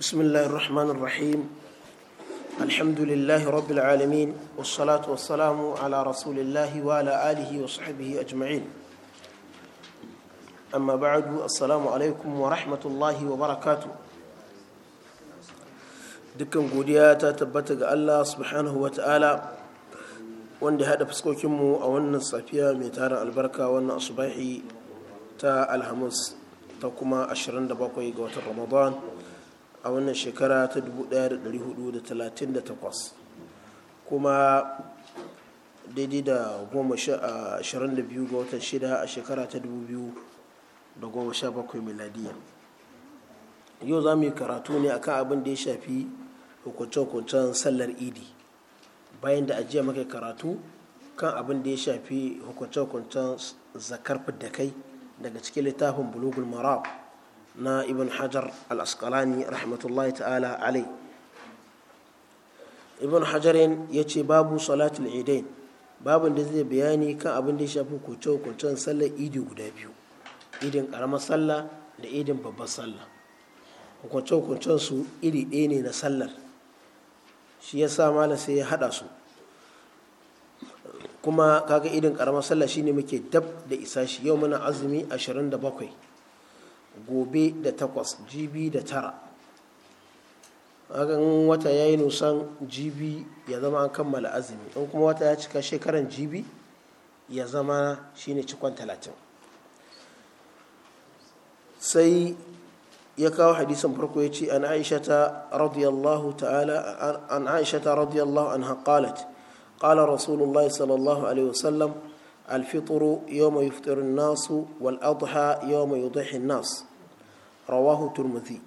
بسم الله الرحمن الرحيم الحمد لله رب العالمين والصلاة والسلام على رسول الله وعلى آله وصحبه أجمعين أما بعد السلام عليكم ورحمة الله وبركاته dukkan godiya ta tabbata ga Allah subhanahu wa ta'ala wanda haɗa fuskokinmu a wannan safiya mai tarin albarka wannan asubahi ta alhamis ta kuma 27 ga watan ramadan a wannan shekara ta 1438 kuma daidai da 22 ga watan shida a shekara ta 2017 miladiya yau za mu yi karatu ne akan abin da ya shafi hukunce-hukuncen sallar idi bayan da ajiya maka karatu kan abin da ya shafi hukunce-hukuncen zakar fidda kai daga cikin littafin bulugul marab na ibn hajar al-asqalani rahmatullahi ta'ala alai ibn hajarin ya ce babu salatul idain babin da zai bayani kan abin da ya shafi kwace-kwacen sallar idi guda biyu idin karamar sallah da idin babbar sallah kwace su iri ɗaya ne na sallar shi ya sa malam sai ya haɗa su kuma kaga idin karamar sallah shine muke dab da isa shi yau muna azumi 27 gobe da takwas gb da tara hakan wata ya yi nusan gb ya zama an kammala azumi in kuma wata ya cika shekaran gb ya zama shine cikon talatin sai ya kawo hadisin farko ya ce an aisha ta radiyallahu ta'ala an aisha ta radiyallahu qala rasulullahi sallallahu alaihi wasallam الفطر يوم يفطر الناس yau mai يضحي nasu rawahu turmuzi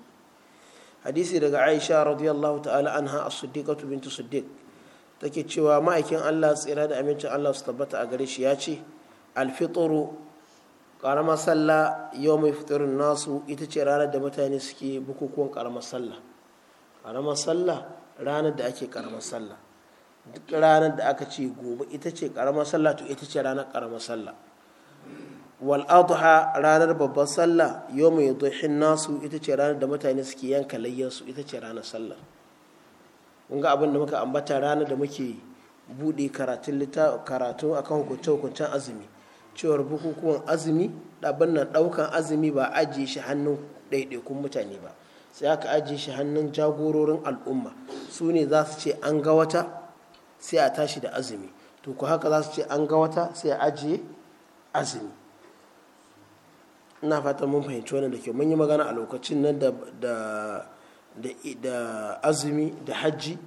hadisi daga aisha radiyallahu ta'ala anha as-siddiqatu bintu siddiq take cewa ma'aikin Allah tsira da amincin Allah su tabbata a gare shi ya ce alfituru karamar sallah yau mai fitirin nasu ita ce ranar da mutane suke bukukuwan karamar sallah karamar sallah ranar da ake karamar sallah duk ranar da aka ce gobe ita ce karamar sallah to ita ce ranar karamar sallah wal ranar babban sallah mai yudhin nasu ita ce ranar da mutane suke yanka layyansu ita ce ranar sallah kun ga abin da muka ambata ranar da muke buɗe karatun karatu akan hukunce hukuncen azumi cewar bukukuwan azumi ɗaban nan ɗaukan azumi ba ajiye shi hannun ɗaiɗaikun mutane ba sai aka ajiye shi hannun jagororin al'umma su ne za su ce an ga wata sai a tashi da azumi to ku haka za su ce an ga wata sai a ajiye azumi ina fata mun fahimci wannan da ke mun yi magana a lokacin nan da azumi da hajji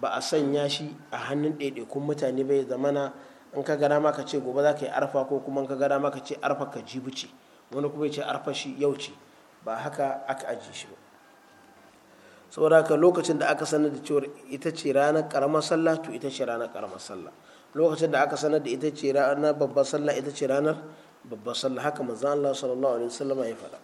ba a sanya shi a hannun ɗaiɗaikun mutane bai zamana in ka gana maka ce gobe za ka yi arfa ko kuma in ka gana maka ce arfa ka jibi ci wani kuma ya ce arfa shi yau ce ba haka aka ajiye shi ba saboda haka lokacin da aka sanar da cewar ita ce ranar karamar sallah to ita ce ranar karamar sallah lokacin da aka sanar da ita ce ranar babbar sallah ita ce ranar babban sallah haka manzan Allah sallallahu alaihi wasallam ya faɗa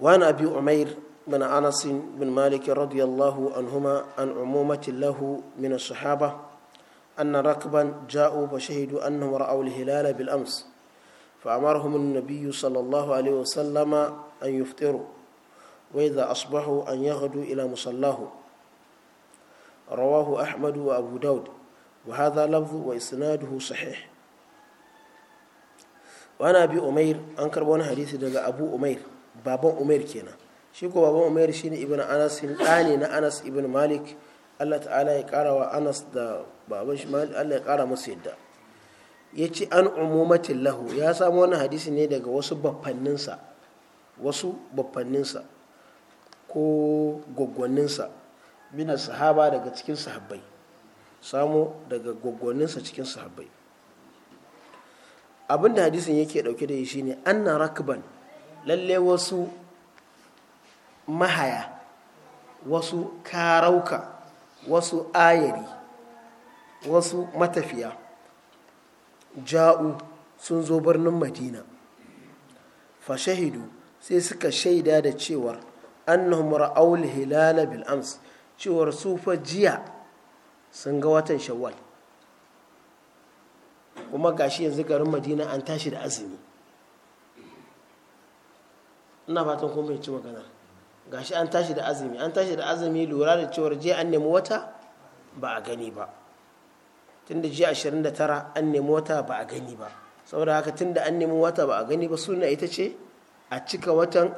wani abi umair bin anas bin malik radiyallahu anhuma an umumati lahu min as-sahaba anna rakban ja'u shahidu annahum ra'aw al-hilala bil ams fa amarahum an-nabiy sallallahu alaihi wasallam an yuftiru wa idha asbahu an yaghdu ila musallahu rawahu ahmad wa abu daud وهذا لفظ وإسناده صحيح wani abi umair an karbo wani hadisi daga abu umair baban umair kenan shi ko baban umair shine ibn anas ɗani na anas ibn malik allah ta'ala ya kara wa anas da baban shi allah ya kara musu yadda ya ci an umumatin lahu ya samu wani hadisi ne daga wasu bafanninsa wasu bafanninsa ko gwaggwanninsa mina sahaba daga cikin sahabbai samu daga gwaggwanninsa cikin sahabbai abinda hadisin yake dauke da shi ne anna rakban lalle wasu mahaya wasu karauka wasu ayari wasu matafiya ja'u sun zo birnin madina fashahidu sai suka shaida da cewar annahum ra'aul hilala bil ams cewar sufa jiya sun ga watan shawwal kuma gashi yanzu garin madina an tashi da azumi ina fatan kuma ya ci magana gashi an tashi da azumi an tashi da azumi lura da cewar jiya an nemi wata ba a gani ba tun da je 29 an nemi wata ba a gani ba saboda haka tun da an nemi wata ba a gani ba suna ita ce a cika watan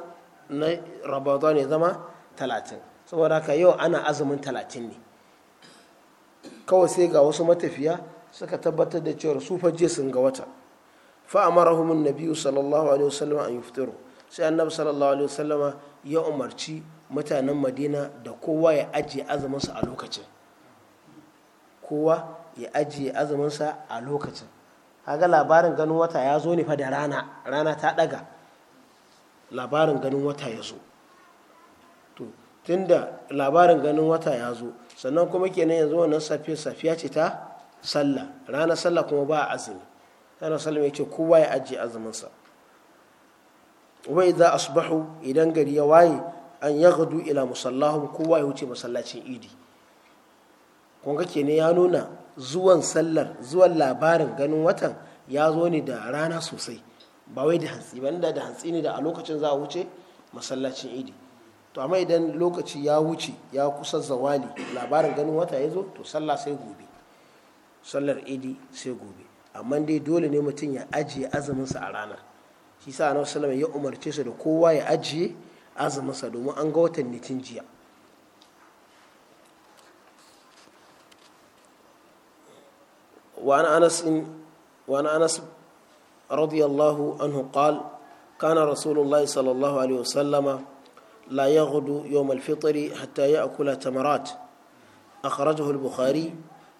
na rabadon ne zama 30 saboda haka yau ana azumin 30 ne kawai sai ga wasu matafiya suka tabbatar da cewa su faje sun ga wata fa amarahum annabi sallallahu alaihi wasallam an yuftiru sai annabi sallallahu alaihi wasallam ya umarci mutanen madina da kowa ya ajiye azuminsa a lokacin kowa ya ajiye azuminsa a lokacin kaga labarin ganin wata ya zo ne fa da rana rana ta daga labarin ganin wata ya zo to tunda labarin ganin wata ya zo sannan kuma kenan yanzu wannan safiya safiya ce ta sallah ranar sallah kuma ba a azumi ranar sallah ya ce kowa ya ajiye azuminsa wai za a subahu idan gari ya waye an ya gadu ila musallahu kowa ya wuce masallacin idi kunga ke ne ya nuna zuwan sallar zuwan labarin ganin watan ya zo ne da rana sosai ba wai da hantsi ba da hantsi ne da a lokacin za a wuce masallacin idi to amma idan lokaci ya wuce ya kusa zawali labarin ganin wata ya zo to sallah sai gobe sallar idi sai gobe amma dai dole ne mutum ya ajiye azuminsa a ranar shi sa ya umarce su da kowa ya ajiye azuminsa domin an ga watan nitin jiya وعن أنس وعن أنس رضي الله عنه قال كان رسول الله صلى الله عليه وسلم لا يغدو يوم الفطر حتى يأكل تمرات أخرجه البخاري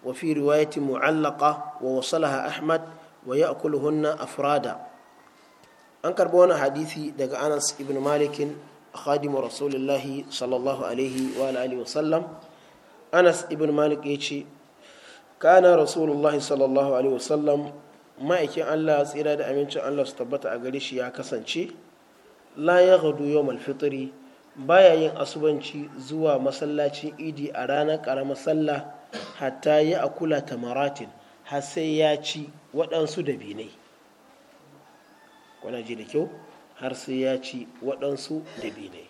وفي رواية معلقة ووصلها أحمد ويأكلهن أفرادا أنكر بونا حديثي دقاء أنس ابن مالك خادم رسول الله صلى الله عليه وآله وسلم أنس ابن مالك يتشي كان رسول الله صلى الله عليه وسلم ما يكي الله سيرا دا أمين الله ستبت أغريش يا كسنشي لا يغدو يوم الفطري baya yin asubanci zuwa masallacin idi a ranar ƙaramar sallah hatta yi a kula ta har sai ya ci waɗansu dabinai kuna da kyau har sai ya ci waɗansu dabinai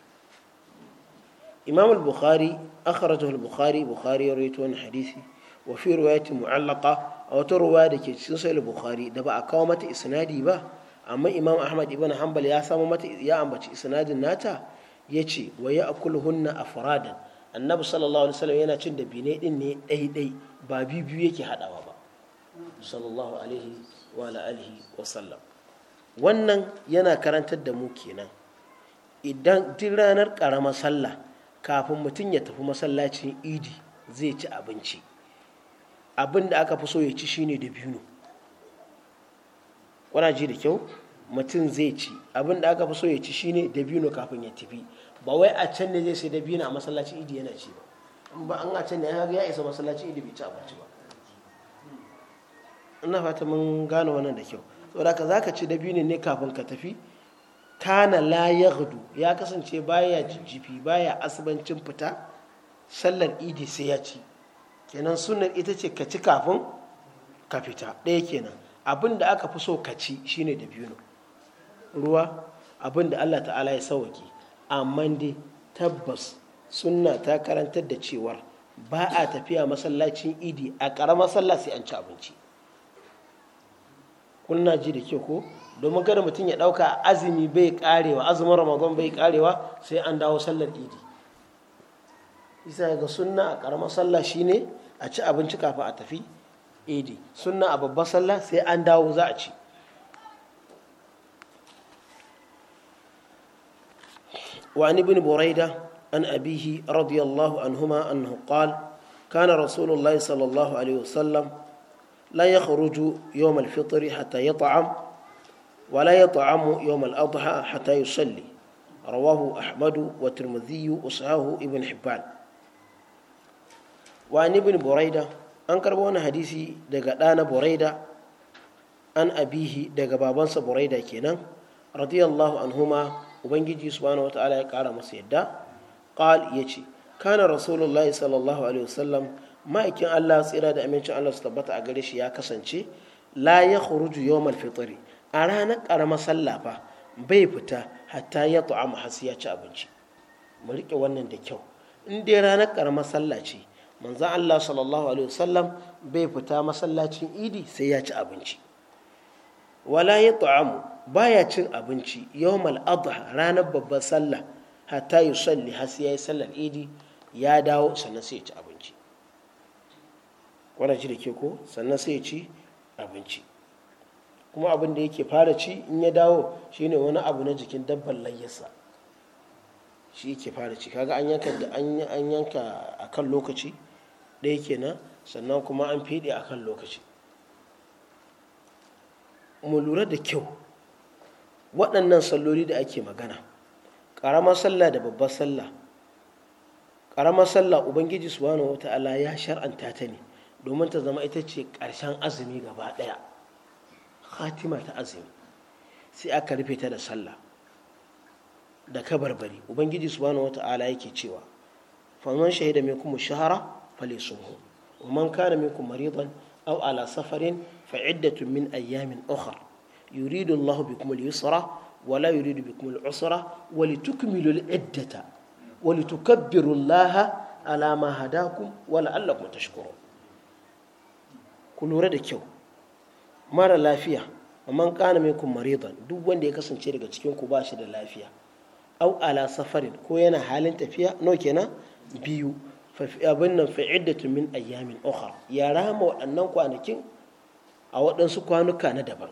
imam al-bukhari akhrajahu al-bukhari bukhari ya rawaito wani hadisi wa fi riwayati mu'allaqa a wata ruwa da ke cikin sahih bukhari da ba a kawo mata isnadi ba amma imam ahmad ibn hanbal ya samu mata ya ambaci isnadin nata yace wa a afradan annabi sallallahu alaihi wasallam yana cin dabinai din ne ɗaiɗai ba biyu yake haɗawa ba sallallahu alaihi wa alihi wa sallam wannan yana karantar da mu kenan idan duk ranar ƙaramar sallah kafin mutum ya tafi masallacin idi zai ci abinci abin da aka fi so ya ci shine dabino kuna ji da kyau mutum zai ci abin da aka fi so ya ci shine dabino kafin ya tafi ba wai a can ne zai sai da biyu na masallaci idi yana ci ba in ba an a can ne ya isa masallaci idi bai ci abinci ba ina fata mun gano wannan da kyau saboda ka zaka ci da biyu ne kafin ka tafi kana la yaghdu ya kasance baya jijjifi baya asibancin fita sallar idi sai ya ci kenan sunan ita ce ka ci kafin ka fita ɗaya kenan abin da aka fi so ka ci shine da biyu ruwa abin da Allah ta'ala ya sauwake amma dai tabbas sunna ta karantar da cewar ba a tafiya masallacin idi a ƙaramar sallah sai an ci abinci kuna ji da kyau ko domin kada mutum ya ɗauka azumi bai karewa azumin ramadan bai karewa sai an dawo sallar idi isa ga sunna a ƙaramar sallah shine a ci abinci kafin a tafi idi sunna a babbar sallah sai an dawo za a ci وعن ابن بريدة عن أبيه رضي الله عنهما أنه قال كان رسول الله صلى الله عليه وسلم لا يخرج يوم الفطر حتى يطعم ولا يطعم يوم الأضحى حتى يصلي رواه أحمد والترمذي وصحاه ابن حبان وعن ابن بريدة أنكر بوانا حديثي دقانا بريدة an abihi daga babansa buraida kenan radiyallahu anhuma ubangiji subhanahu wataala ya kara masa yadda ya ce. kana rasulullahi sallallahu alaihi wasallam ma'aikin Allah tsira da amincin Allah su tabbata a gare shi ya kasance la ya khuruju yawmal fitri a ranar karamar sallah bai fita hatta ya tu'ama hasi ya ci abinci mu rike wannan da kyau in dai ranar karamar sallah ce manzon Allah sallallahu alaihi wasallam bai fita masallacin idi sai ya ci abinci wala ya tu'amu baya cin abinci yawmal adha ranar babban sallah hatta yusalli har sai yayi sallar idi ya dawo sannan sai ya ci abinci wannan shi da ke ko sannan sai ya ci abinci kuma abin da yake fara ci in ya dawo shine wani abu na jikin dabban layyarsa shi yake fara ci kaga an yanka da an yanka akan lokaci ɗaya kenan sannan kuma an fiɗe akan lokaci mu lura da kyau waɗannan salloli da ake magana ƙaramar sallah da babbar sallah ƙaramar sallah ubangiji subhanahu ta'ala, ya shar'anta ta ne domin ta zama ita ce ƙarshen azumi gaba ɗaya khatima ta azumi sai aka rufe ta da sallah da kabarbari ubangiji subhanahu wata'ala yake cewa faman shahida kuma shahara falisuhu wa man kana kuma maridan au ala safarin fa min ayyamin ukhra yuridu Allahu bikum al-yusra wa la yuridu bikum al-usra wa litukmilu al-iddata wa litukabbiru Allah ala ku lura da kyau mara lafiya man kana minkum maridan duk wanda ya kasance daga cikin ku ba shi da lafiya au ala safarin ko yana halin tafiya no kenan biyu abin nan fa'iddatun min ayyamin ukhra ya rama waɗannan kwanakin a waɗansu kwanuka na daban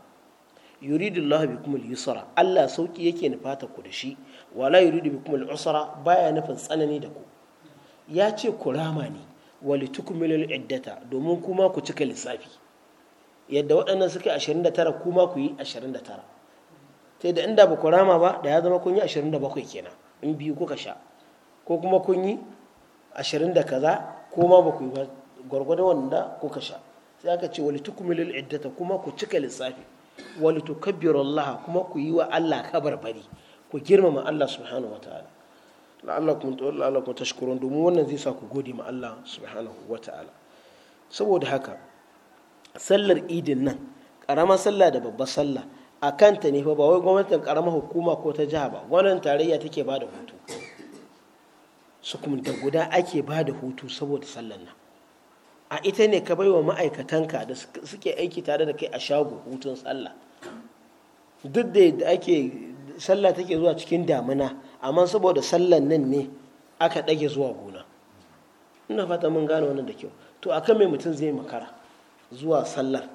yuridu Allah bi kuma yusra Allah sauki yake ta ku da shi wala yuridu bi kuma usra baya nufin tsanani da ku ya ce ku rama ne walitukmilul iddata domin kuma ku cika lissafi yadda waɗannan suke 29 kuma ku yi 29 sai da inda ba ku rama ba da ya zama kun yi 27 kenan in biyu kuka sha ko kuma kun yi 20 da kaza Kuma ba ku yi gwargwadon wanda kuka sha sai aka ce walitukmilul iddata kuma ku cika lissafi wani Allah kuma ku yi wa Allah kabar bari ku girmama Allah subhanahu wa ta'ala la'allah kuma ta'ala Allah kuma tashkurun domin wannan zai sa ku gode ma Allah subhanahu wa ta'ala saboda haka sallar idin nan karamar sallah da babbar sallah a kanta ne fa ba wai gwamnatin karamar hukuma ko ta jiha ba wannan tarayya take ba da hutu su kuma da guda ake ba da hutu saboda sallar nan a ita ne ka baiwa ma'aikatanka da suke aiki tare da kai a shago hutun sallah duk da ake sallah take zuwa cikin damina amma saboda sallan nan ne aka ɗage zuwa gona ina fata mun gane wannan da kyau to a kan mai mutum zai makara zuwa sallar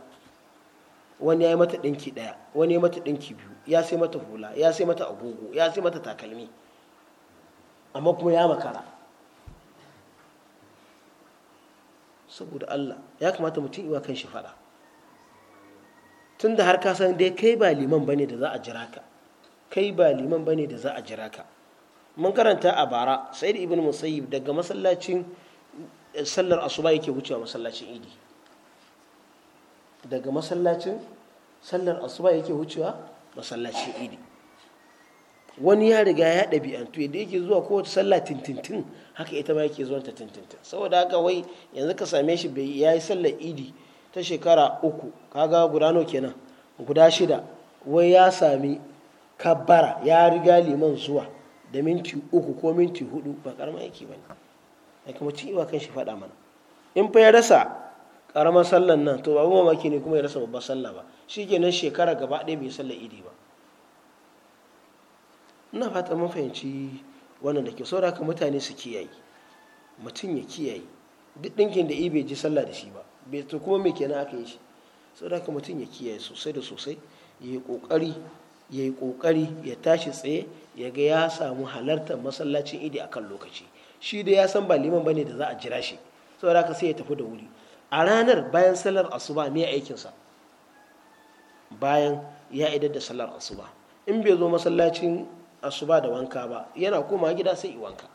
wani ya yi mata ɗinki ɗaya wani ya mata ɗinki biyu ya sai mata hula ya sai mata agogo ya sai mata takalmi amma kuma ya makara saboda Allah ya kamata mutum iwa kan shi faɗa tun da har ka san dai kai ba liman bane da za a jira ka kai ba liman bane da za a jira ka mun karanta a bara da ibn musayyib daga masallacin eh, sallar asuba yake wucewa masallacin idi daga masallacin sallar asuba yake wucewa masallacin idi wani ya riga ya ɗabi'antu yadda yake zuwa kowace sallah tintintin haka ita ma yake zuwanta tintintin saboda haka wai yanzu ka same shi bai ya yi sallar idi ta shekara uku kaga guda nawa kenan guda shida wai ya sami kabbara ya riga liman zuwa da minti uku ko minti hudu ba karama aiki ba ne ya kuma ci iwa kan shi faɗa mana in fa ya rasa karamar sallar nan to babu mamaki ne kuma ya rasa babbar sallah ba shi kenan shekara gaba ɗaya bai sallar idi ba ina fata mun fahimci wannan da ke saura ka mutane su kiyaye mutum ya kiyaye duk ɗinkin da ibe ji sallah da shi ba bai to kuma me kenan aka yi shi saboda ka mutum ya kiyaye sosai da sosai ya yi kokari ya yi kokari ya tashi tsaye ya ga ya samu halartar masallacin idi akan lokaci shi da ya san ba liman bane da za a jira shi saboda ka sai ya tafi da wuri a ranar bayan sallar asuba me aikinsa bayan ya idar da sallar asuba in bai zo masallacin asuba da wanka ba yana koma gida sai wanka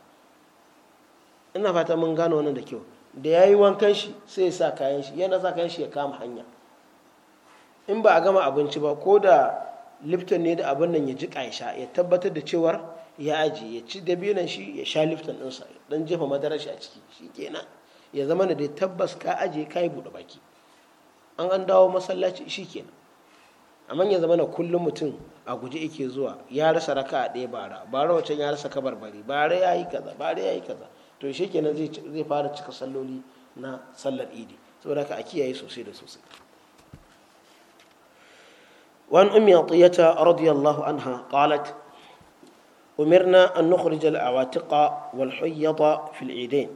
ina fata mun gano wannan da kyau da ya yi wankan shi sai ya sa kayan shi yana sa kayan shi ya kama hanya in ba a gama abinci ba ko da lifton ne da abin nan ya ji sha ya tabbatar da cewar ya aji ya ci dabinan shi ya sha lifton ɗinsa don jefa madarar shi a ciki shi kenan ya zama da tabbas ka aje ka yi buɗe baki an an dawo masallaci shi kenan amma ya zama na kullum mutum a guji yake zuwa ya rasa raka a ɗaya bara bara wancan ya rasa kabarbari bara ya yi kaza bara ya yi kaza to shi kenan zai fara cika salloli na sallar idi saboda haka a kiyaye sosai da sosai وعن أم عطية رضي الله عنها قالت أمرنا أن نخرج العواتق والحيض في العيدين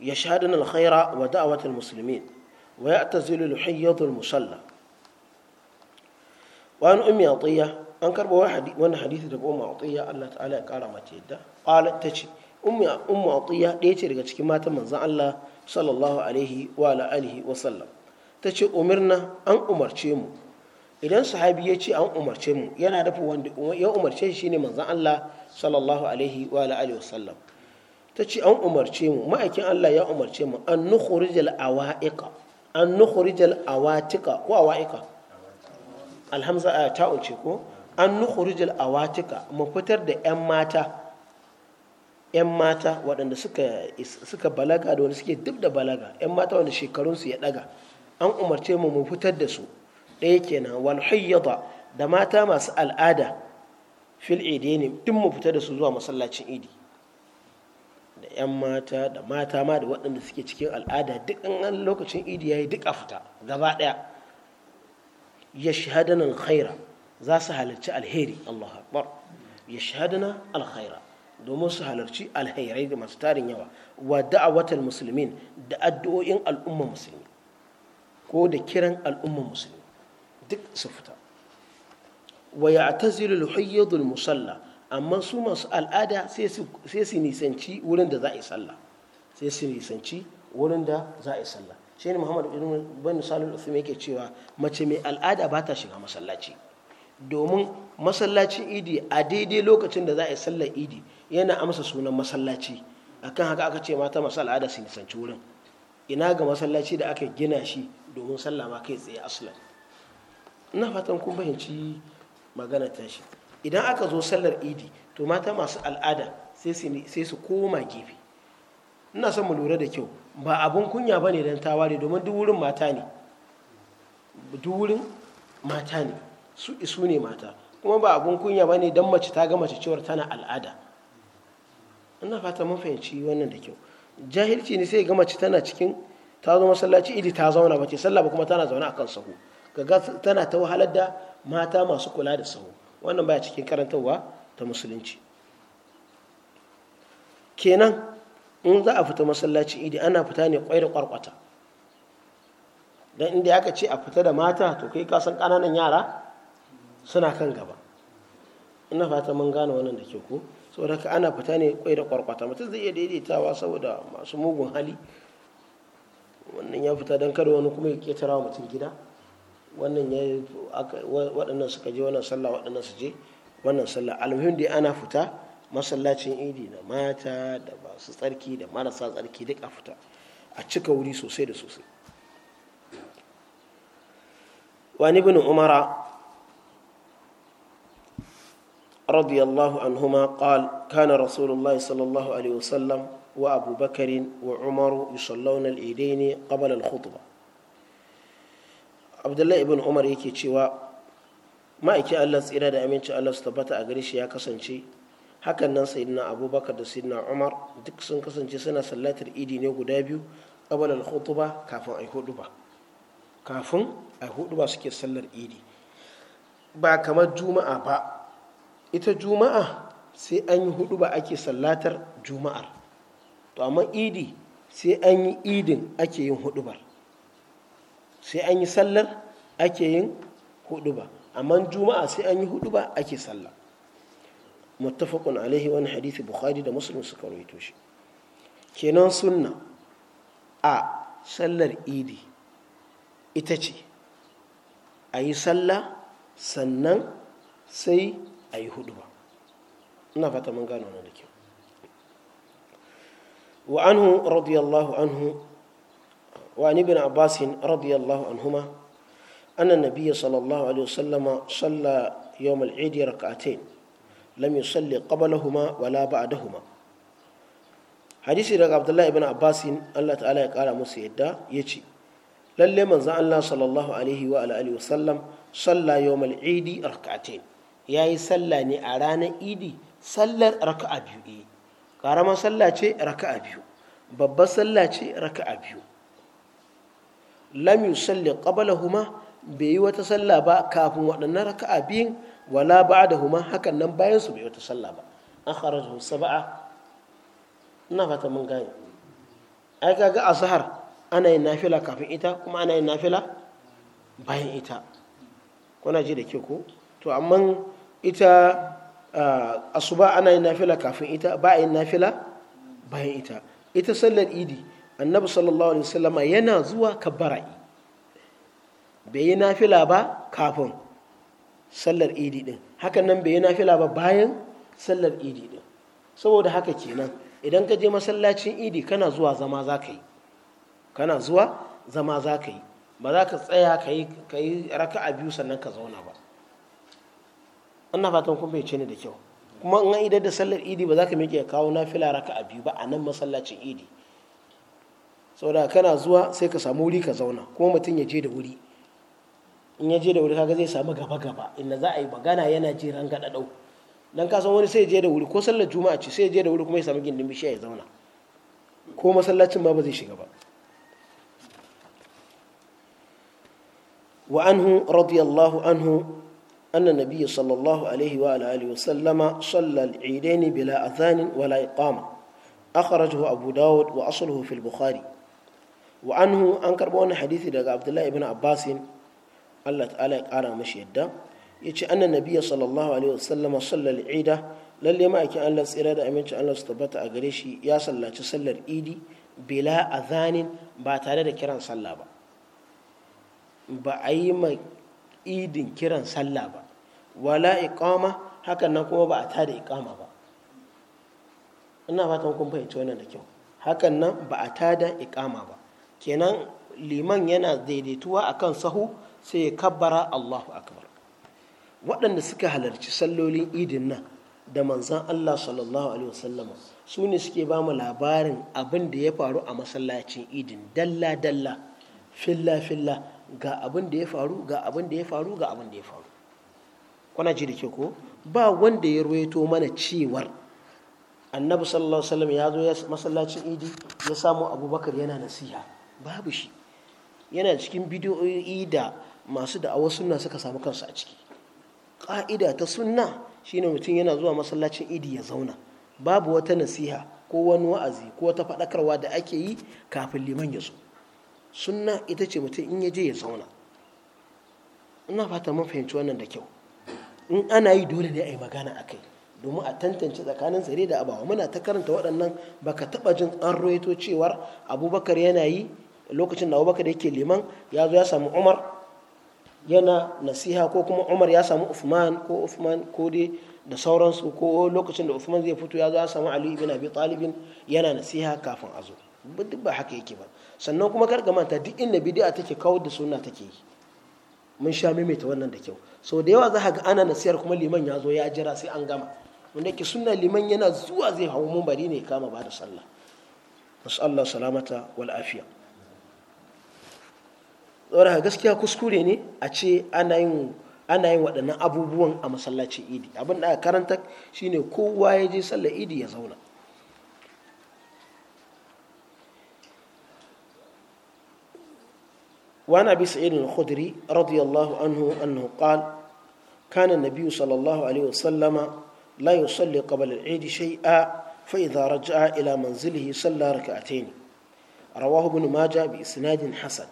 يشهدنا الخير ودعوة المسلمين ويعتزل الحيض المصلى wani ummi atiyya an karba wani hadisi daga ummi atiyya Allah ta'ala ya kara mata yadda qalat tace ummi ummu atiyya ɗaya ce daga cikin mata manzon Allah sallallahu alaihi wa alihi wa sallam tace umirna an mu idan sahabi ya ce an umarce mu yana dafa wanda ya umarce shi ne manzon Allah sallallahu alaihi wa alihi sallam ta ce an umarce mu ma'aikin Allah ya umarce mu an nukhrijal awaiqa an nukhrijal awatika ko alhamza a eh, ta'un ce ko an a awatika mu fitar da yan mata yan mata waɗanda suka balaga da wanda suke duk da balaga yan mata wanda su ya daga an umarce mu mu fitar da su ɗaya kenan wal hayyada da mata masu al'ada fil ne duk mu fitar da su zuwa masallacin idi da yan mata da mata ma da waɗanda suke cikin al'ada duk an lokacin idi yayi duk a fita gaba ɗaya yashhadana alkhaira za su halarci alheri Allahu akbar yashhadana alkhaira domin su halarci alherai da masu tarin yawa wa da'awatal musulmin da addu'o'in al'umma musulmi ko da kiran al'umma musulmi duk su fita wa ya'tazilu al-hayyadul amma su masu al'ada sai su nisanci wurin da za a yi sallah sai su nisanci wurin da za a yi sallah shi ne muhammad bin salul uthman yake cewa mace mai al'ada ba ta shiga masallaci domin masallacin idi a daidai lokacin da za a yi sallar idi yana amsa sunan masallaci akan haka aka ce mata masu al'ada su nisanci wurin ina ga masallaci da aka gina shi domin sallah ma kai tsaye aslan ina fatan kun fahimci magana ta shi idan aka zo sallar idi to mata masu al'ada sai su koma gefe ina son mu lura da kyau ba abun kunya ba ne don ta ware domin duk wurin mata ne duk wurin mata ne su isu ne mata kuma ba abun kunya ba ne mace ta ga mace cewar tana al'ada ina fata mun fahimci wannan da kyau jahilci ne sai ga mace tana cikin ta zo masallaci idi ta zauna ba ce sallah ba kuma tana zaune akan sahu kaga tana ta wahalar da mata masu kula da sahu wannan baya cikin karantarwa ta musulunci kenan in za a fita masallaci idi ana fita ne kwai da kwarkwata don inda aka ce a fita da mata to kai kasan ƙananan yara suna kan gaba ina fata mun gane wannan da ke ko saboda ka ana fita ne kwai da kwarkwata mutum zai iya daidaitawa saboda masu mugun hali wannan ya fita don kada wani kuma ya ketara wa mutum gida wannan ya yi waɗannan suka je wannan sallah waɗannan su je wannan sallah alhamdulillah ana fita masallacin idi da mata da su tsarki da marasa tsarki duk a fita a cika wuri sosai da sosai wani bin umara radiyallahu anhuma qal kana rasulullahi sallallahu alaihi wasallam wa abubakarin wa umaru yusallawna al'idai ne qabala al abdullahi ibn umar yake cewa ma'aiki allah tsira da aminci allah su tabbata a gare shi ya kasance hakan nan sayyidina abubakar da sayyidina umar duk sun kasance suna sallatar idi ne guda biyu qabal al khutuba kafin ai huduba kafin ai huduba suke sallar idi ba kamar juma'a ba ita juma'a sai an yi huduba ake sallatar juma'ar to amma idi sai an yi idin ake yin hudubar sai an yi sallar ake yin huduba amma juma'a sai an yi huduba ake sallar muttafaqun alaihi wani hadithi bukhari da muslim suka rawaito shi kenan sunna a sallar idi ita ce a yi sallah sannan sai a yi hudu ba ina fata mun gano wannan da kyau wa anhu radiyallahu anhu wa an ibn abbas radiyallahu anhuma anna nabiyya sallallahu alaihi wasallama salla yawm al-eid rak'atayn lam yusalli qablahuma wala ba'dahuma hadisi daga abdullahi ibn abbasin Allah ta'ala ya kara musu yadda ya ce. lalle manzon Allah sallallahu alaihi wa alihi wasallam salla yawmal idi rak'atain yayi salla ne a ranar idi sallar raka'a biyu karama salla ce raka'a biyu babbar salla ce raka'a biyu lam yusalli qablahuma bai yi wata salla ba kafin waɗannan raka'a biyun wala da ba'dahuma hakan nan bayan su bai wata sallah ba an kharajahu sab'a ina fata mun gane ai kaga azhar ana yin nafila kafin ita kuma ana yin nafila bayan ita kuna ji da ke ku, to amma ita ah, asuba ana yin nafila kafin ita ba a yin nafila bayan ita ita sallar idi annabi sallallahu alaihi wasallama yana zuwa kabbara'i bai yi nafila ba kafin sallar idi din hakan nan bai yi nafila ba bayan sallar idi din saboda haka kenan idan ka je masallacin idi kana zuwa zama za ka yi kana zuwa zama za ka yi ba za ka tsaya ka yi raka a biyu sannan ka zauna ba ina fatan kun bai ce ni da kyau kuma in an da sallar idi ba za ka miƙe kawo nafila raka a biyu ba a nan masallacin idi saboda kana zuwa sai ka samu wuri ka zauna kuma mutum ya je da wuri in ya je da wuri kaga zai samu gaba gaba inda za a yi magana yana jiran dau dan ka san wani sai je da wuri ko sallar juma'a ce sai je da wuri kuma ya samu gindin bishiya ya zauna ko masallacin ma ba zai shiga ba wa anhu radiyallahu anhu أن النبي صلى الله عليه وعلى آله وسلم صلى العيدين بلا أذان ولا إقامة أخرجه أبو داود وأصله في البخاري وعنه أنكر بأن حديث عبد الله بن عباس Allah ta'ala ya ƙara mashi yadda ya ce annan nabiya sallallahu alaihi wasallama sallar ida lalle ma'aikin Allah tsira da amincin Allah su tabbata a gare shi ya sallaci sallar idi bila azanin ba tare da kiran sallah ba ba a yi ma idin kiran sallah ba wala iqama hakan nan kuma ba a tada iqama ba ina fatan kun fahimci wannan da kyau hakan nan ba a tada iqama ba kenan liman yana daidaituwa akan sahu sai ya kabbara Allahu akbar waɗanda suka halarci sallolin idin nan da manzan Allah sallallahu alaihi wasallam su ne suke ba mu labarin abin da ya faru a masallacin idin dalla dalla filla filla ga abin da ya faru ga abin da ya faru ga abin da ya faru kuna ji da ko ba wanda ya ruwaito mana cewar annabi sallallahu alaihi wasallam ya zo masallacin idi ya samu abubakar yana nasiha babu shi yana cikin bidiyoyi da masu da'awar sunna suka samu kansu a ciki ƙa'ida ta sunna shine mutum yana zuwa masallacin idi ya zauna babu wata nasiha ko wani wa'azi ko wata faɗakarwa da ake yi kafin liman ya zo sunna ita ce mutum in ya je ya zauna ina fata mun fahimci wannan da kyau in ana yi dole ne a yi magana a kai domin a tantance tsakanin zare da abawa muna ta karanta waɗannan baka taɓa jin an roito cewar abubakar yana yi lokacin da abubakar yake liman ya zo ya samu umar yana nasiha ko kuma umar ya samu uthman ko uthman ko dai da sauransu ko lokacin da uthman zai fito ya zo ya samu ali ibn abi talibin yana nasiha kafin a zo duk ba haka yake ba sannan kuma kar manta duk inda bid'a take kawo da sunna take yi mun sha ta wannan da kyau sau da yawa za ka ga ana nasihar kuma liman ya zo ya jira sai an gama wanda ke sunna liman yana zuwa zai hau mun bari ne kama ba da sallah Allah salamata wal afiya tsoraka gaskiya kuskure ne a ce ana yin ana yin waɗannan abubuwan a masallacin idi abin da aka karanta shine kowa ya je sallar idi ya zauna وعن أبي سعيد الخدري رضي الله عنه أنه قال كان النبي صلى الله عليه وسلم لا يصلي قبل العيد شيئا فإذا رجع إلى منزله صلى ركعتين رواه ابن ماجه بإسناد حسن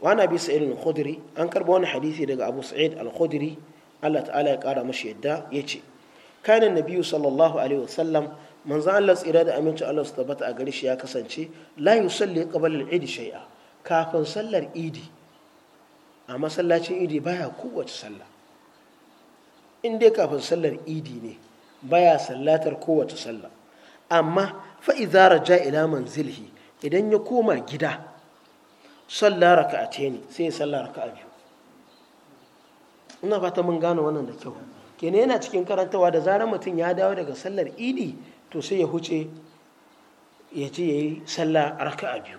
wani abi sa'id al-khudri an karba wani hadisi daga abu sa'id al Allah ta'ala ya kara mashi yadda ya ce kanan nabiyu sallallahu alaihi wasallam manzo Allah tsira da aminci Allah su tabbata a gare shi ya kasance lahi yusalli qabla al-eid shay'a kafin sallar idi a masallacin idi baya kowace sallah in dai kafin sallar idi ne baya sallatar kowace sallah amma fa ja raja ila manzilihi idan ya koma gida sallah a ne sai ya raka a biyu ina fata mun gano wannan da kyau kenan yana cikin karantawa da zarar mutum ya dawo daga sallar idi to sai ya huce ya ce ya yi sallah a biyu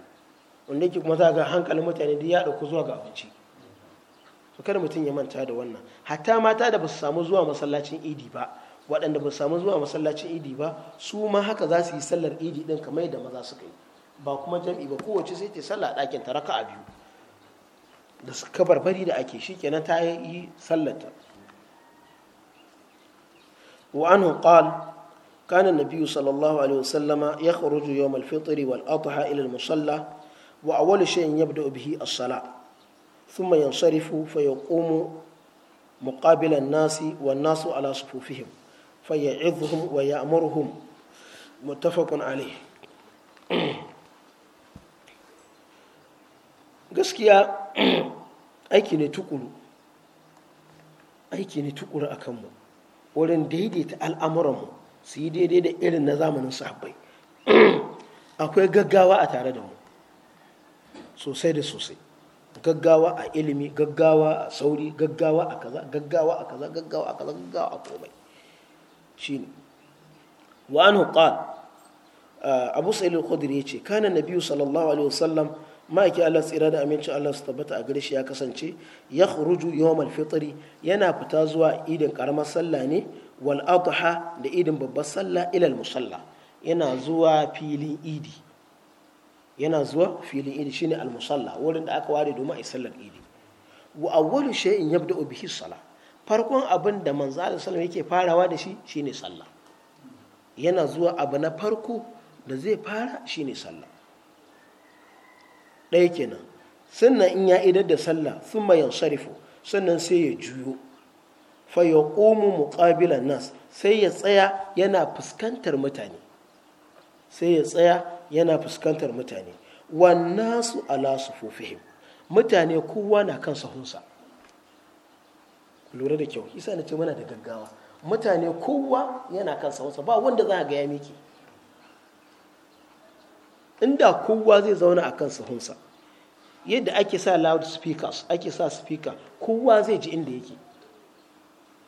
wanda ke kuma za ga hankalin mutane duk ya ɗauku zuwa ga abinci to kada mutum ya manta da wannan hatta mata da ba su samu zuwa masallacin idi ba waɗanda ba su samu zuwa masallacin idi ba su ma haka za su yi sallar idi ɗin kamar yadda maza suka yi ba kuma jam'i ba kowace sai ta sallah ɗakin ta a biyu da suka barbari da ake shi kenan ta yi sallata wa anhu qal kana nabiyyu sallallahu alaihi wasallama yakhruju yawm al-fitr wal adha ila al-musalla wa awwalu shay'in yabda'u bihi as-salah ثم ينصرف فيقوم مقابل الناس والناس على صفوفهم فيعظهم ويأمرهم متفق عليه gaskiya aiki ne tukuru aiki ne tukuru a kanmu wurin daidaita al'amuranmu su yi daidai da irin na zamanin sahabbai akwai gaggawa a tare da mu sosai da sosai gaggawa a ilimi gaggawa a sauri gaggawa a kaza gaggawa a kaza gaggawa a kaza gaggawa a komai shine wa an hukar ah, abu sa'id ya ce yace na biyu sallallahu alaihi wasallam ma'aiki Allah tsira da amincin Allah su tabbata a gare shi ya kasance ya khuruju yawmal fitri yana fita zuwa idin karamar sallah ne wal adha da idin babbar sallah ilal musalla yana zuwa filin idi yana zuwa filin idi shine al musalla wurin da aka ware domin a sallar idi wa awwalu shay'in yabda'u bihi salah farkon abin da manzo Allah sallallahu yake farawa da shi shine sallah yana zuwa abu na farko da zai fara shine sallah ɗaya kenan sannan in ya idar da sallah sun mayan sharifu sannan sai ya juyo fa ya ƙomu muƙabilan nas sai ya tsaya yana fuskantar mutane sai ya tsaya yana fuskantar mutane wannan su ala mutane kowa na kan sahunsa lura da kyau isa na ce mana da gaggawa mutane kowa yana kan sahunsa ba wanda za a ga miki inda kowa zai zauna a kan sahunsa yadda ake sa loud speakers ake sa speaker kowa zai ji inda yake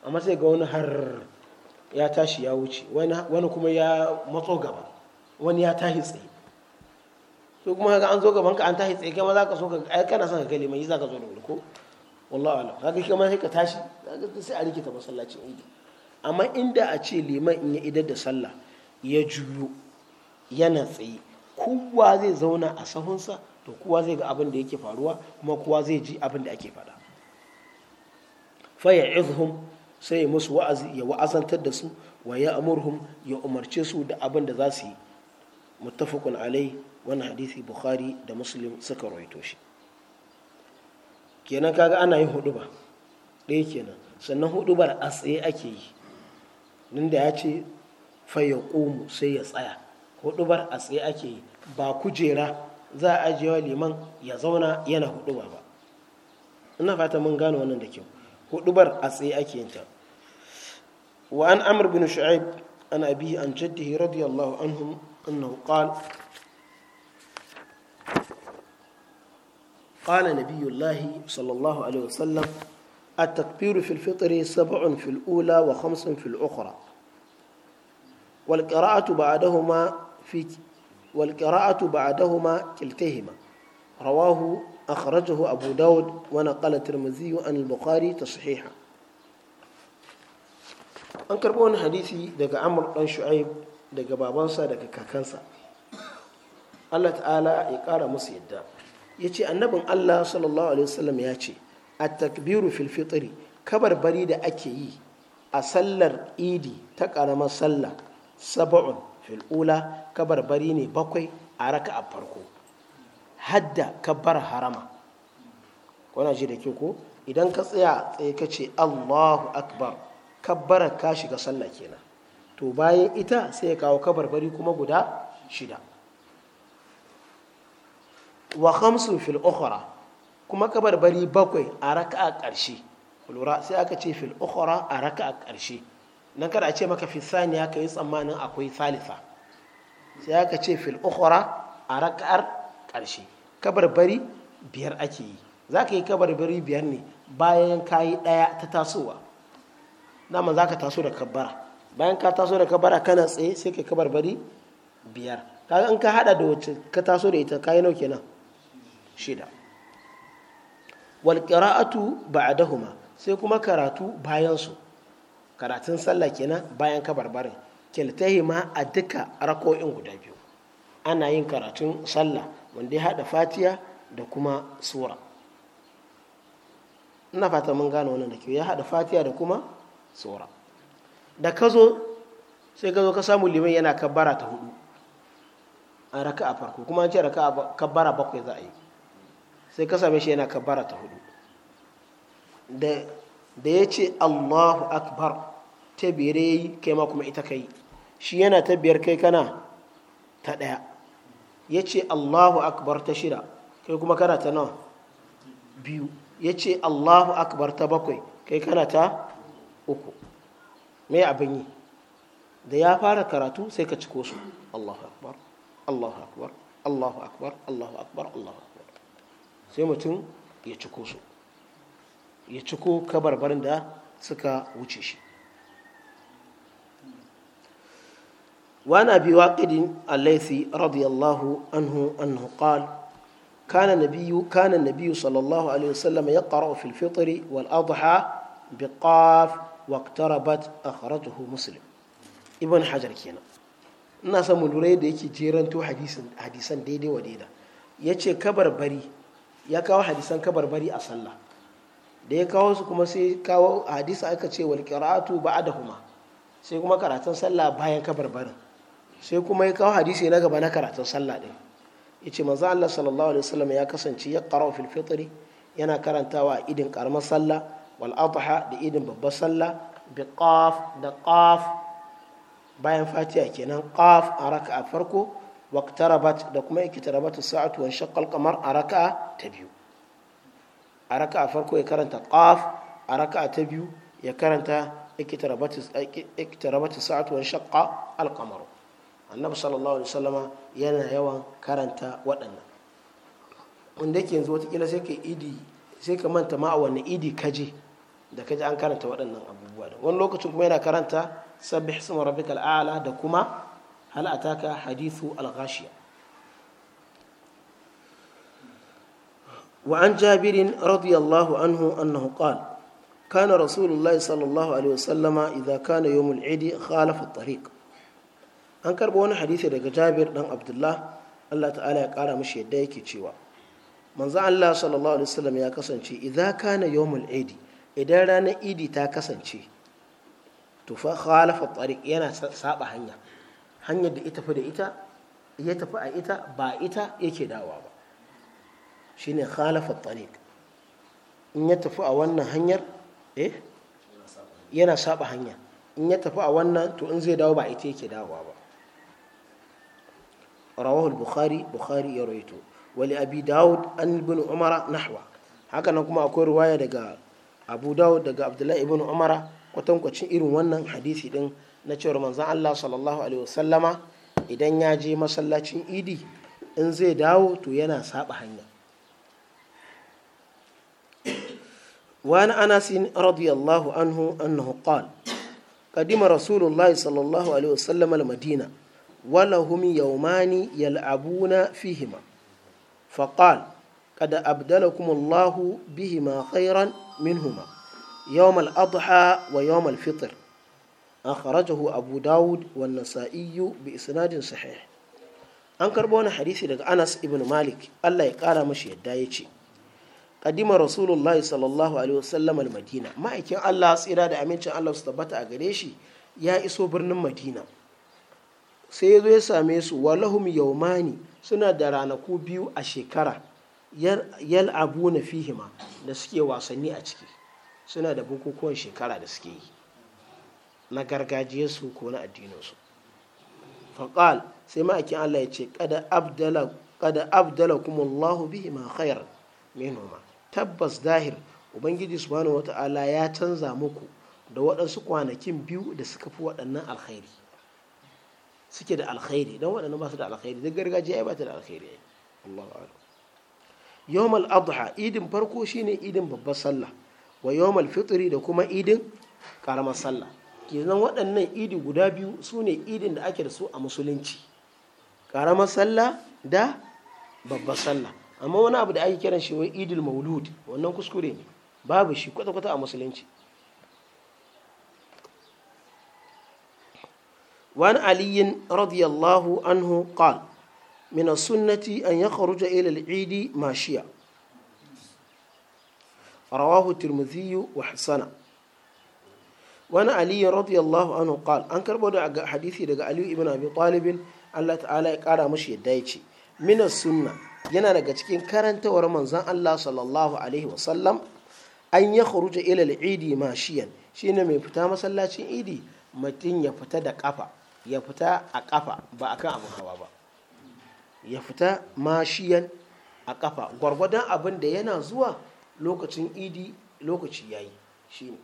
amma sai ga wani har ya tashi ya wuce wani kuma ya matso gaba wani ya tashi tsaye to kuma ga an zo gaban ka an tashi tsaye kai za ka so ka ai kana son ka kalli mai za ka zo da wuri ko wallahi alam kaga kuma sai ka tashi sai a ta masallaci inda amma inda a ce liman in ya idar da sallah ya juyo yana tsaye kowa zai zauna a sahunsa to kowa zai ga abin da yake faruwa kuma kowa zai ji abin da ake faɗa faya izhum sai musu wa'azi ya wa'azantar da su wa ya amurhum ya umarce su da abin da za su yi muttafaqun alai wani hadisi bukhari da muslim suka rawaito shi kenan kaga ana yin huduba ɗaya kenan sannan hudubar a tsaye ake yi nan da ya ce faya sai ya tsaya hudubar a tsaye ake yi ba kujera za a ajiyewa liman ya zauna yana huduba ba ina fata mun gano wannan da kyau hudubar a tsaye ake yin ta wa an amr bin shu'aib an abi an jaddihi radiyallahu anhum annahu qala قال نبي الله صلى الله عليه وسلم التكبير في الفطر سبع في الأولى وخمس في الأخرى والقراءة بعدهما في والقراءة بعدهما كلتهما رواه أخرجه أبو داود ونقل الترمذي عن البخاري تصحيحا an karɓo wani hadisi daga amur ɗan shu'aib daga babansa daga kakansa allah ta'ala ya ƙara musu yadda ya ce annabin allah sallallahu alaihi wasallam ya ce a takbiru fil kabar bari da ake yi a sallar idi ta ƙaramar sallah saba'un Fil'ula ula kabarbari ne bakwai a raka a farko hadda kabbar harama kuna ji da ke ko idan ka tsaya tsaye ka ce allahu akbar kabbara ka shiga sallah kenan to bayan ita sai ya kawo kabarbari kuma guda shida wa hamsin fil ukhra kuma kabarbari bakwai a raka a ƙarshe lura sai aka ce fil ukhra a raka a ƙarshe Nan kada a ce maka fi saniya ka yi tsammanin akwai salisa sai ka ce fil ukhra a rak'ar karshe kabarbari biyar ake yi za ka yi kabarbari biyar ne bayan ka yi ɗaya ta tasowa dama za ka taso da kabbara bayan ka taso da kabbara kana tsaye sai ka yi kabarbari biyar kaga in ka hada da wacce ka taso da ita yi nau kenan shida wal qira'atu ba'dahuma sai kuma karatu bayan su karatun sallah kenan bayan kabarbarin kiltahi ma a duka rako'in guda biyu ana yin karatun sallah wanda ya haɗa fatiya da kuma sura ina fata mun gane wannan da kyau ya haɗa fatiya da kuma sura da ka zo sai ka zo ka samu liman yana kabbara ta hudu a raka a farko kuma an ce raka a kabbara bakwai za a yi sai ka same shi yana kabbara ta hudu da ya ce allahu akbar ta biyar ya yi kai ma kuma ita kai shi yana ta biyar kai kana ta ɗaya ya ce allahu akbar ta shida kai kuma kana ta nawa biyu ya ce allahu akbar ta bakwai kai kana ta uku mai abin yi da ya fara karatu sai ka ciko su allahu akbar allahu akbar allahu akbar allahu akbar allahu akbar sai mutum ya ciko su ya ciko kabarbarin da suka wuce shi وعن أبي واقد الليثي رضي الله عنه أنه قال كان النبي كان النبي صلى الله عليه وسلم يقرأ في الفطر والأضحى بقاف واقتربت أخرجه مسلم ابن حجر كينا ina son mu da yake jeranto hadisan daidai wa daida ya ce kabarbari ya kawo hadisan kabarbari a sallah da ya kawo su kuma sai kawo hadisa aka ce ba'a da huma sai kuma karatun sallah bayan kabarbarin sai kuma ya kawo hadisi na gaba na karatun sallah din yace maza Allah sallallahu alaihi wasallam ya kasance ya qara fil fitri yana karantawa idin karamar sallah wal adha da idin babbar sallah bi qaf da qaf bayan fatiha kenan qaf a raka'a farko waqtarabat da kuma iktarabat qamar a raka'a ta biyu a raka'a farko ya karanta qaf a raka'a ta biyu ya karanta iktarabat as-sa'atu wan shaqqa al-qamar annabi sallallahu alaihi sallama yana yawan karanta waɗannan wanda yake yanzu watakila sai ka idi sai ka manta ma a wani idi kaje da kaje an karanta waɗannan abubuwa da wani lokacin kuma yana karanta sabbih isma rabbikal a'la da kuma hal ataka hadithu al-ghashiya وعن جابر رضي الله عنه أنه قال كان رسول الله صلى الله عليه وسلم إذا كان يوم العيد خالف الطريق an karɓo wani hadisi daga jabir ɗan abdullah allah ta'ala ya ƙara mashi yadda yake cewa manzo allah sallallahu alaihi wasallam ya kasance idza kana yawmul idi idan ranar idi ta kasance to fa khalafa tariq yana saba hanya hanyar da ita fi da ita ya tafi a ita ba ita yake dawa ba shine khalafa tariq in ya tafi a wannan hanyar eh yana saba hanya in ya tafi a wannan to in zai dawo ba ita yake dawowa ba rawahu al-bukhari bukhari ya rawaito wali abi daud an ibn umara nahwa haka nan kuma akwai riwaya daga abu daud daga abdullahi ibn umara kwatankwacin irin wannan hadisi din na cewar manzon Allah sallallahu alaihi wasallama idan ya je masallacin idi in zai dawo to yana saba hanya وعن ana رضي الله عنه أنه قال قدم رسول الله صلى الله عليه وسلم المدينة ولهم يومان يلعبون فيهما فقال قد أبدلكم الله بهما خيرا منهما يوم الأضحى ويوم الفطر أخرجه أبو داود والنسائي بإسناد صحيح أنكر بونا حديثي لك أنس ابن مالك الله يقال مشي الدايتي قدم رسول الله صلى الله عليه وسلم المدينة ما يكين الله سيرا دا أمين الله استبت أغريشي يا إسو برن مدينة sai ya zo ya same su walahum yaumani suna da ranaku biyu a shekara yal abu na fihima da suke wasanni a ciki suna da bukukuwan shekara da suke yi na gargajiyar su ko na addininsu faƙal sai ma'aikin allah ya ce kada abdala kuma allahu ma khairan minhuma tabbas zahir ubangiji subhanahu wata'ala ya canza muku da waɗansu kwanakin biyu da suka fi waɗannan alkhairi suke da alkhairi don waɗannan ba su da alkhairi duk gargajiya ya ba ta da alkhairi ya yi Allahu idin farko shi ne idin babbar sallah wa yawon alfitri da kuma idin karamar sallah ke zan waɗannan idi guda biyu su ne idin da ake da su a musulunci karamar sallah da babbar sallah amma wani abu da ake kiran shi wai idil maulud wannan kuskure ne babu shi kwata-kwata a musulunci وعن علي رضي الله عنه قال من السنة أن يخرج إلى العيد ماشيا رواه الترمذي وحسنه وعن علي رضي الله عنه قال أنكر بودا حديثي دقى علي ابن أبي طالب Allah ta'ala ya kara mashi yadda ya ce mina sunna yana daga cikin karantawar manzan Allah sallallahu alaihi wasallam an ya kharuja ila al-idi mashiyan shine mai fita masallacin idi mutum ya fita da ƙafa. ya fita a ƙafa, ba a kan abin hawa ba ya fita mashiyan a ƙafa. gwargwadon abin da yana zuwa lokacin idi lokaci ya yi shi ne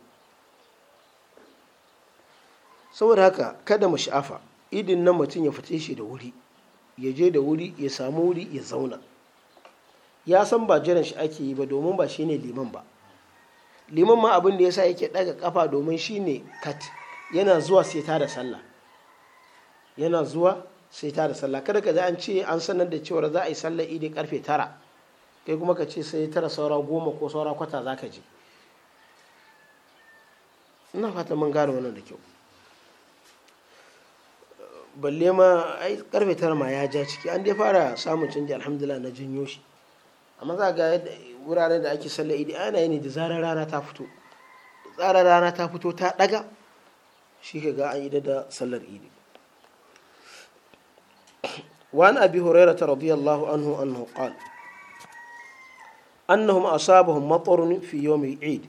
saboda haka kada mu sha'afa idin nan mutum ya fita shi da wuri ya je da wuri ya samu wuri ya zauna ya san ba jiran shi ake yi ba domin ba shi ne liman ba liman ma abin da ya sa yake ɗaga ƙafa domin shi ne kat yana zuwa sai ta da sallah yana zuwa sai ta da sallah kada ka ji an ce an sanar da cewar za a yi sallar idi karfe tara kai kuma ka ce sai tara saura goma ko saura kwata za ka je ina fata mun gane wannan da kyau balle ma ai karfe tara ma ya ja ciki an dai fara samun canji alhamdulillah na janyo shi amma za ga wuraren da ake sallar idi ana yi ne da zarar rana ta fito zarar rana ta fito ta daga shi ka ga an yi da sallar idi وعن أبي هريرة رضي الله عنه أنه قال أنهم أصابهم مطر في يوم العيد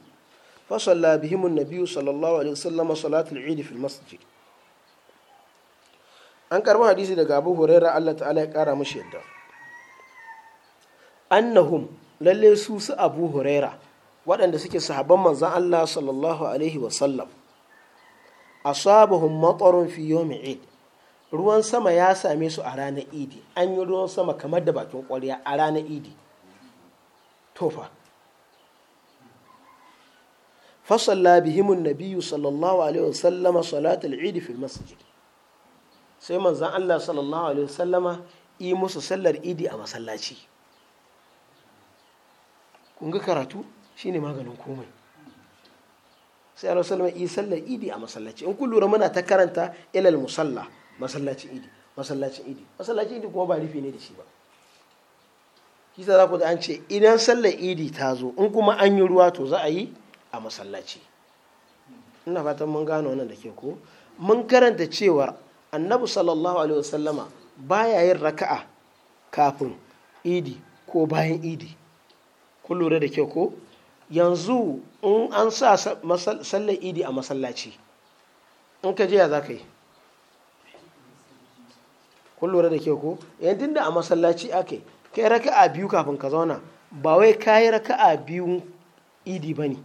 فصلى بهم النبي صلى الله عليه وسلم صلاة العيد في المسجد an karbi hadisi daga abu huraira allah ta'ala ya kara mashi yadda annahum lalle su su abu huraira waɗanda suke sahabban manzan allah sallallahu alaihi wasallam asabahum matarun fi ruwan sama ya same su a ranar idi an yi ruwan sama kamar da bakin ƙwarya a ranar idi tofa fasalla bihimun nabiyu sallallahu alaihi wasallama salatul idi fil masjid sai manzan allah sallallahu alaihi wasallama yi musu sallar idi a masallaci kun ga karatu shine maganin komai sai alaihi wasallama yi sallar idi a masallaci in kun lura muna ta karanta ilal musalla masallacin idi masallacin idi masallacin idi kuma ba rufe ne da shi ba kisa za ku da an ce idan sallar idi ta zo in kuma an yi ruwa to za a yi a masallaci ina fatan mun gano wannan da ke ko mun karanta cewa annabi sallallahu alaihi wasallama baya yin raka'a kafin idi ko bayan idi kun lura da ke ko yanzu in an sa sallar idi a masallaci in ka je ya za ka yi kun lura da ke ko yan eh, tunda a masallaci ake kai raka'a biyu kafin ka zauna ba wai kayi raka'a biyu idi ba ne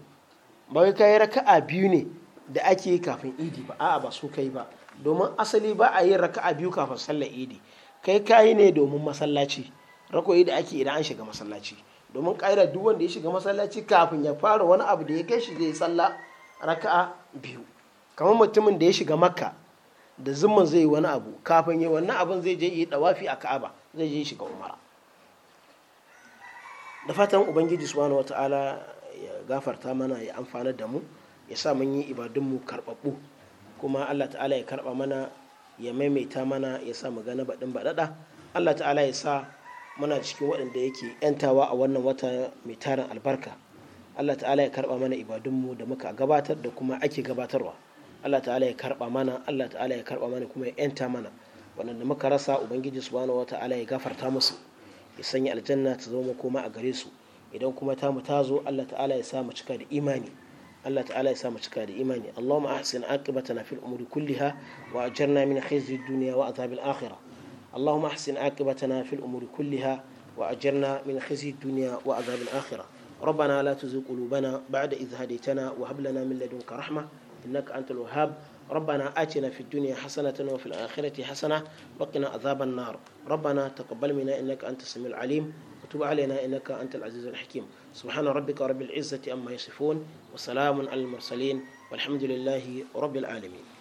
ba wai kayi raka'a biyu ne da ake yi kafin idi ba a'a ba su kai ba domin asali ba a yin raka'a biyu kafin sallar idi kai kayi ne domin masallaci rako da ake idan an shiga masallaci domin ƙa'idar duk wanda ya shiga masallaci kafin ya fara wani abu da ya kai shi zai sallah raka'a biyu kamar mutumin da ya shiga makka da zimman zai yi wani abu kafin yi wannan abin zai je yi dawafi a ka'aba zai je shiga umara da fatan ubangiji subhanahu wata'ala ya gafarta mana ya amfana da mu ya sa mun yi ibadunmu karbabbu kuma allah ta'ala ya karɓa mana ya maimaita mana ya sa mu gana baɗin baɗaɗa allah ta'ala ya sa muna cikin waɗanda yake yantawa a wannan wata mai tarin albarka allah ta'ala ya karɓa mana ibadunmu da muka gabatar da kuma ake gabatarwa Allah ta'ala ya karba mana Allah ta'ala ya karba mana kuma ya yanta mana waɗanda muka rasa ubangiji subhanahu wata'ala ya gafarta musu ya sanya aljanna ta zama koma a gare su idan kuma ta mu ta zo Allah ta'ala ya sa mu cika da imani Allah ta'ala ya sa mu cika da imani Allahumma ahsin aqibatana fil umuri kulliha wa ajirna min khizyi dunya wa azabil akhirah اللهم احسن عاقبتنا في الامور كلها واجرنا من خزي الدنيا وعذاب الاخره ربنا لا تزغ قلوبنا بعد اذ هديتنا وهب لنا من لدنك رحمه innaka antal wahhab ربنا آتنا في الدنيا حسنة وفي الآخرة حسنة وقنا عذاب النار ربنا تقبل منا إنك أنت السميع العليم وتب علينا إنك أنت العزيز الحكيم سبحان ربك رب العزة أما يصفون وسلام على المرسلين والحمد لله رب العالمين